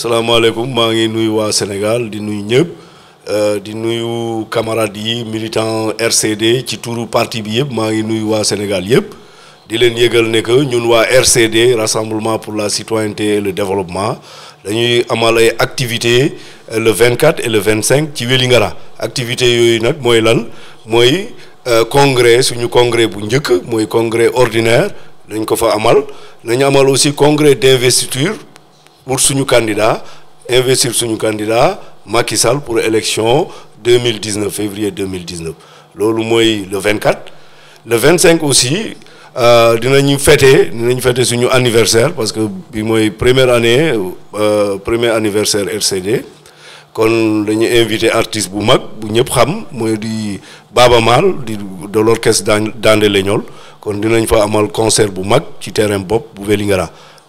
salaamaaleykum ma ngi nuyu wa Sénégal di nuyu ñëpp euh, di nuyu camarades yi RCD ci touru parti bi yëpp ma ngi nuyu wa Sénégal yëpp di leen yëgal ne que ñun wa RCD rassemblement pour la citoyenneté et le développement dañuy amal ay euh, le 24 et le 25 ci Vélingara activité yoyu nak moy lan mooy euh, congrès suñu congrès bu njëkk moy congrès ordinaire dañ ko fa amal nañu amal aussi congrès d'investiture pour suñu candidat investir suñu candidat Macky Sall pour l'élection 2019 février 2019 C'est le 24 le 25 aussi euh, dinañu fêter dinañu fêter suñu anniversaire parce que c'est la première année euh, premier anniversaire RCD Nous avons invité artiste boumak, mag bu Baba Mal, de l'orchestre Dandé Leñol Nous avons fait amal concert boumak, mag ci terrain bopp Vélingara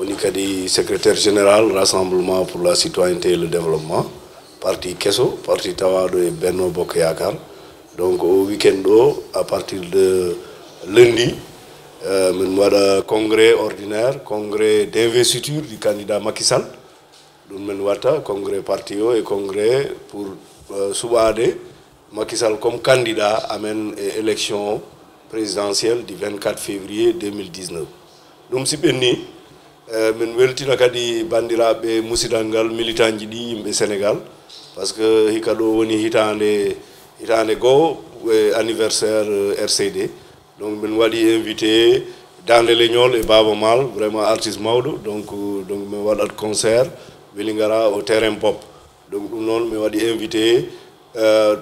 Onikadi, secrétaire général rassemblement pour la citoyenneté et le développement parti Kesso, parti Tawado et benno Bokéakar donc au week-end à partir de lundi euh, avons un congrès ordinaire congrès d'investiture du candidat makisal nous congrès parti et congrès pour euh, comme candidat à l'élection élection présidentielle du 24 février 2019 donc c'est euh, min weltina kadi bandiraɓe musidal ngal militant ji ɗi yimɓe sénégal par ce que hikka ɗo woni hitande hitande goo e anniversaire euh, rcd donc min waɗi invité dande leñol e baba mal vraiment artiste mawɗo donc euh, donc min waɗat concert welingara au terrain pop donc ɗum noon mi waɗi invité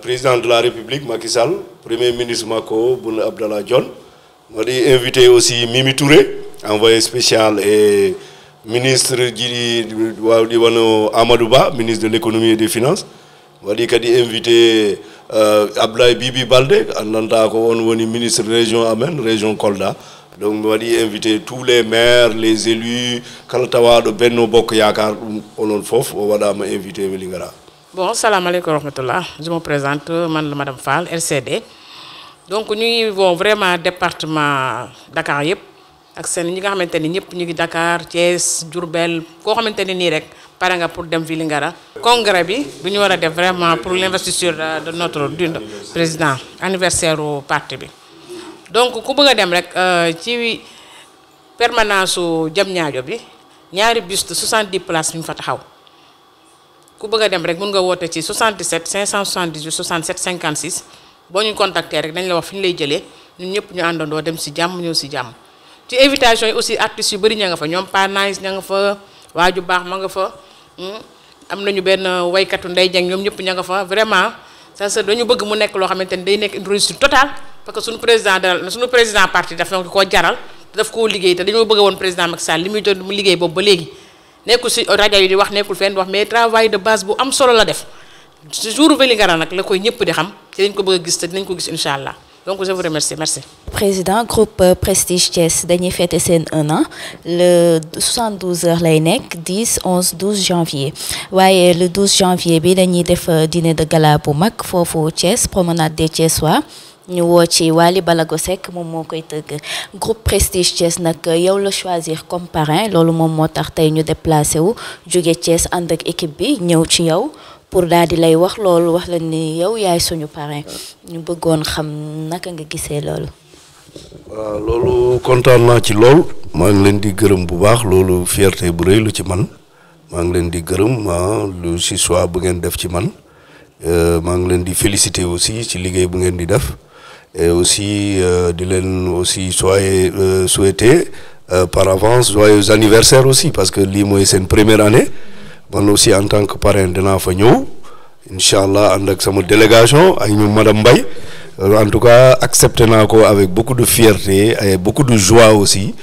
président de la république macky sall premier ministre makko boun abdallah dione mi waɗi invité aussi mimi touré envoyé spécial et ministre ji ministre de l'économie et des finances waɗi a invité euh, abdoulaye bibi balde ministre de la région amen région kolda donc il a invité tous les maires les élus kala benno Bok yakar ɗum onon foof a invité welingara bon salam alaikum je me présente man madame fall rcd donc nous vivons vraiment département dakar ak seen ñi nga xamante ni ñëpp ñu ngi Dakar Thiès Diourbel koo xamante ni rek pare nga pour dem Vélingara congrès bi bu ñu war a def vraiment pour l'investiture euh, de notre du président anniversaire u parti bi donc ku bëgg dem rek euh, ci permanence bi ñaari bus de 70 places ñu fa taxaw ku bëgg a dem rek mun nga woote ci 77 578 67 56 boo ñu contacter rek dañ la wax fi lay jëlee ñun ñëpp ñu dem si jàmm ñëw si jàmm ci invitation yi aussi artistes yu bëri ña nga fa ñoom Panais ña nga fa waaju baax ma nga fa hmm? am ñu benn waykatu Ndeye Dieng ñoom ñëpp ña nga fa vraiment ça c'est dañu bëgg mu nekk loo xamante ni day nekk une réussite totale parce que suñu président parti daf ñoo koo jaral te daf koo liggéey te dañoo bëgg woon président Macky Sall li muy doon mu liggéey boobu ba léegi nekkul si rajo yi di wax nekkul fenn wax mais travail de base bu am solo la def toujours Vélingara nag la koy ñëpp di xam ci dañ ko bëgg a gis te dinañ ko gis incha allah donc je vous remercie merci. président groupe euh, Prestige Thiès dañuy fêter fait un an le 72 heures lay 10 11 12 janvier le 12 janvier bi dañuy def euh, dîner de gala pour mag foofu Thiès promenade de Thiessois ñu woo ci un Balago Seck moom groupe Prestige Thiès nag euh, yow le choisir comme parrain loolu moom moo tax tey ñu déplacé wu jóge Thiès un équipe bi ci pour daal lay wax loolu wax la ni yow yaay suñu parrain ñu bëggoon xam naka nga gisee loolu. waaw loolu kontaan naa ci lool ma ngi leen di gërëm bu baax loolu fierté bu rëy lu ci man ma ngi leen di gërëm ah, lu si soit bu ngeen def ci man euh, ma ngi leen di féliciter aussi ci liggéey bu ngeen di def et aussi euh, di leen aussi soyez euh, souhaité par avance joyeux anniversaire aussi parce que lii mooy seen première année man aussi en tant que parrain de fa ñëw Inshallah, ànd ak sama délégation ak ñu madame Mbaye euh, en tout cas accepté naa avec beaucoup de fierté et beaucoup de joie aussi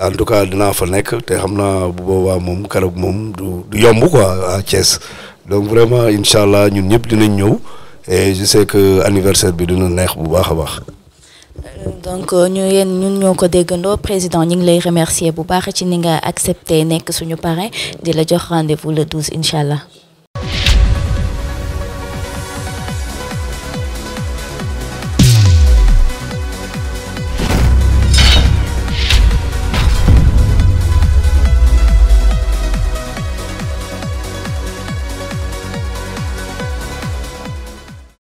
en tout cas dinaa fa nekk te xam naa bu boobaa moom karab moom du du yomb quoi à Thiès donc vraiment Inshallah, ñun ñëpp dinañ ñëw et je sais que anniversaire bi dina neex bu baax a baax donc euh, nous sommes ñun président nous remercier accepté nek suñu parrain di la rendez-vous le 12 Inch'Allah.